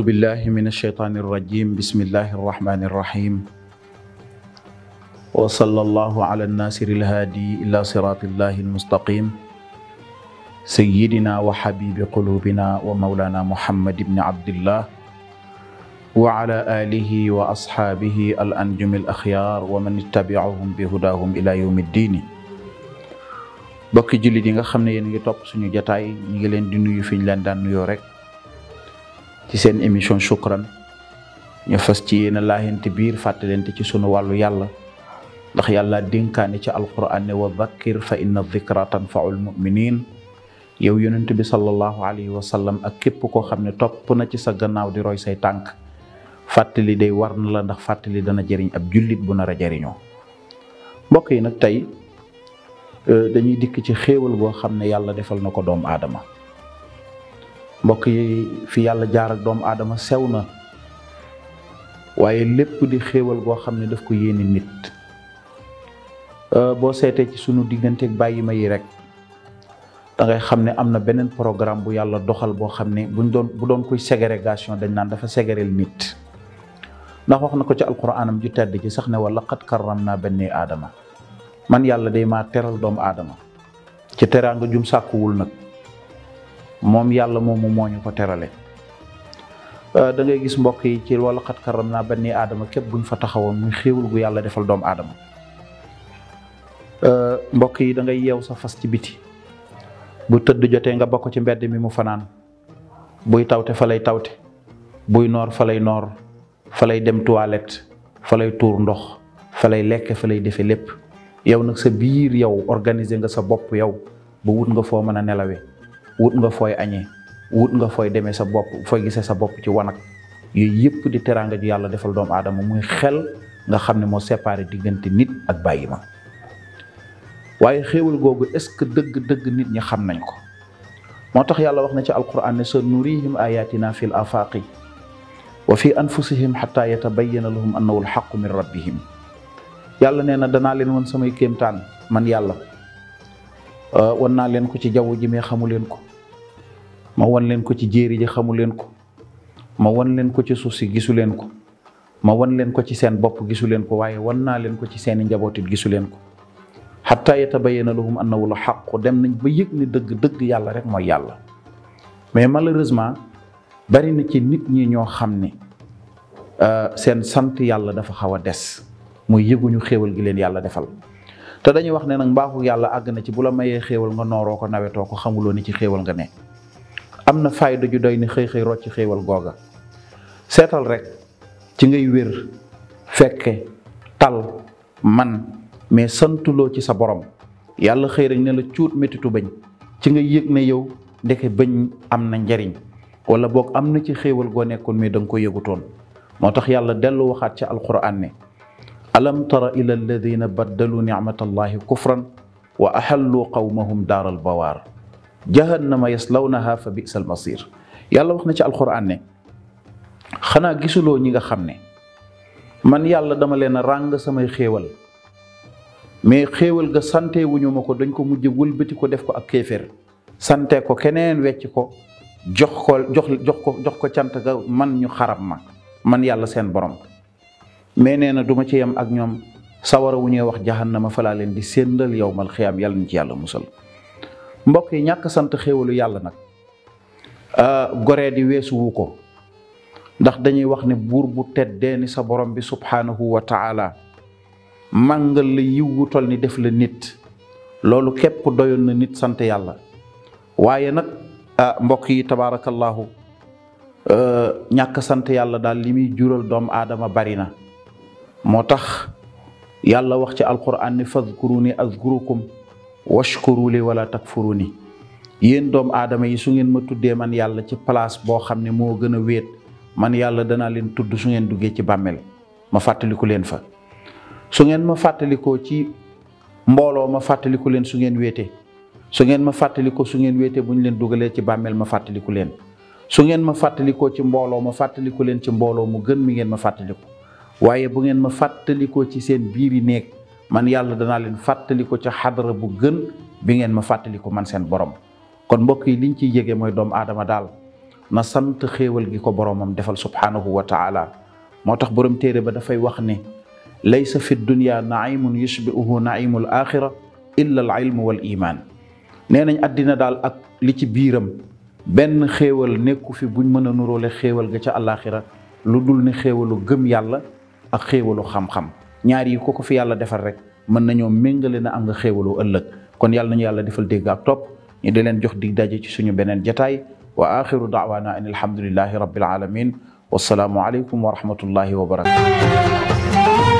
أعوذ بالله من الشيطان الرجيم بسم الله الرحمن الرحيم وصلى الله على الناصر الهادي إلى صراط الله المستقيم سيدنا وحبيب قلوبنا ومولانا محمد بن عبد الله وعلى آله وأصحابه الأنجم الأخيار ومن اتبعهم بهداهم إلى يوم الدين bokki jullit yi nga xam ne yéen ngi topp suñu jataay ñi ngi leen di nuyu fi ñu leen daan nuyoo rek ci seen émission Shukran ñu fas ci yéen a biir fàttalente ci sunu wàllu yàlla ndax yàlla dénkaane ci alquran ne wa dhakkir fa inna dhikra tanfaul muminin yow yonent bi sallallahu alayhi wa ak képp koo xam ne topp na ci sa gannaaw di roy say tànk fàttali day war la ndax fàttali dana jariñ ab jullit bu nar a jëriñoo mbokk yi nag tey euh, dañuy dikk ci xéewal goo xam ne yàlla defal na ko doomu aadama mbokk yi fi yàlla jaaral doomu aadama sew na waaye lépp di xéewal goo xam ne daf ko yéene nit euh, boo seetee ci sunu digganteeg bàyyi ma yi rek da xam ne am na beneen programme bu yàlla doxal boo xam ne buñ doon bu doon koy segregation dañ naan dafa ségreel nit ndax wax na ko ci alquraanam ju tedd ci sax ne wala qad karram naa benni aadama man yàlla day maa teral doomu aadama ci teraanga jum sàkkuwul nag moom yàlla moomu moo ñu ko terale euh, da ngay gis mbokk yi ci wala xat karam naa bani aadama képp buñ fa taxawoon muy xéewal gu yàlla defal doomu aadama euh, mbokk yi da ngay yeew sa fas ci biti bu tëdd jotee nga bokk ci mbedd mi mu fanaan buy tawte fa lay tawte buy noor fa lay noor fa lay dem toilette fa lay tuur ndox fa lay lekk fa lay defe lépp yow nag sa biir yow organiser nga sa bopp yow ba wut nga foo mën a nelawee wut nga fooy añee wut nga fooy demee sa bopp fooy gisee sa bopp ci wanag yooyu yëpp di teraanga ju yàlla defal doom aadama muy xel nga xam ne moo séparé diggante nit ak bàyyi ma waaye xéewal googu est ce que dëgg dëgg nit ñi xam nañ ko moo tax yàlla wax na ci alquran ne sa nurihim ayatina fil afaqi wa fi anfusihim xata yatabayana lahum annahu alxaqu min rabbihim yàlla nee na danaa leen wan samay kéemtaan man yàlla wan leen ko ci jaww ji xamu leen ko ma wan leen ko ci jéeri ji xamu leen ko ma wan leen ko ci suuf si gisu leen ko ma wan leen ko ci seen bopp gisu leen ko waaye wan naa leen ko ci seeni njabootit gisu leen ko xataa yatabayyana lahum annahu la ko dem nañ ba yëg ni dëgg dëgg yàlla rek mooy yàlla mais malheureusement bari na ci nit ñi ñoo xam ni euh, seen sant yàlla dafa xaw a des mooy yëguñu xéewal gi leen yàlla defal te dañu wax nee nag mbaaxu yàlla àgg na ci bu la mayee xéewal nga nooroo ko nawetoo ko xamuloo ni ci xéewal nga ne am na fayda ju doy ni xëy xëy rocc xéewal googa seetal rek ci ngay wér fekke tal man mais santuloo ci sa borom yàlla xëy rek ne la cuut métitu bañ ci nga yëg ne yow ndeke bañ am na njariñ wala boog am na ci xéewal goo nekkoon mais danga nga ko yëgutoon moo tax yàlla dellu waxaat ci alquran ne alam tara ila alladina baddalu nicmatallahi kufran wa axalluu qawmahum daaral bawaar law jahannama yaslawnaha fa bisal masir yàlla wax na ci alxuraan ne xanaa gisuloo ñi nga xam ne man yàlla dama leen a ràng samay xéewal mais xéewal ga sante wuñu ma ko dañ ko mujj wëlbati ko def ko ak kéeféer sante ko keneen wecc ko jox ko jox jox ko jox ko cant ga man ñu xarab ma man yàlla seen borom mais nee na duma ci yem ak ñoom sawara wu ñuy wax jahannama falaa leen di séndal yow mal xiyaam yàlla na ci yàlla musal mbokk yi ñàkk sant xéewalu yàlla nag euh, goree di weesuwu ko ndax dañuy wax ne buur bu teddee ni sa borom bi subhaanahu wa taala màngal la yiw wu tol ni def la nit loolu képp doyoon na nit sant yàlla waaye nag euh, mbokk yi tabaarakallaahu euh, ñàkk sant yàlla daal li jural doomu aadama bari na moo tax yàlla wax ci alquran ni fadkuruni azkurukum washkuru li wala takfuru ni yéen doom aadama yi su ngeen ma tuddee man yàlla ci place boo xam ne moo gën a wéet man yàlla danaa leen tudd su ngeen duggee ci bàmmeel ma fàttaliku leen fa su ngeen ma fàttalikoo ci mbooloo ma fàttaliku leen su ngeen wéete su ngeen ma fàttalikoo su ngeen wéete bu ñu leen dugalee ci bàmmeel ma fàttaliku leen su ngeen ma fàttalikoo ci mbooloo ma fàttaliku leen ci mbooloo mu gën mi ngeen ma fàttaliku waaye bu ngeen ma fàttalikoo ci seen biiri néeg man yàlla danaa leen fàttali ca xadara bu gën bi ngeen ma fàttali ko man seen borom kon mbokk yi liñ ciy yégee mooy doomu aadama daal na sant xéewal gi ko boromam defal subhanahu wa taala moo tax borom téere ba dafay wax ne laysa fi dunya naimun yushbiuhu naimul axira illa al ilmu wal iman nee nañ àddina daal ak li ci biiram benn xéewal nekku fi buñ mën a nuróole xéewal ga ca àllaaxira lu dul ne xéewalu gëm yàlla ak xéewalu xam-xam ñaar yi ku ko fi yàlla defal rek mën nañoo méngale na am nga xéewaloo ëllëg kon yàlla nañu yàlla defal dégg ak ñu di leen jox dig daje ci suñu beneen jataay wa dawanaa daawaana an alhamdulillahi rabbil alamin wassalaamu aleykum wa rahmatullahi wa barakatu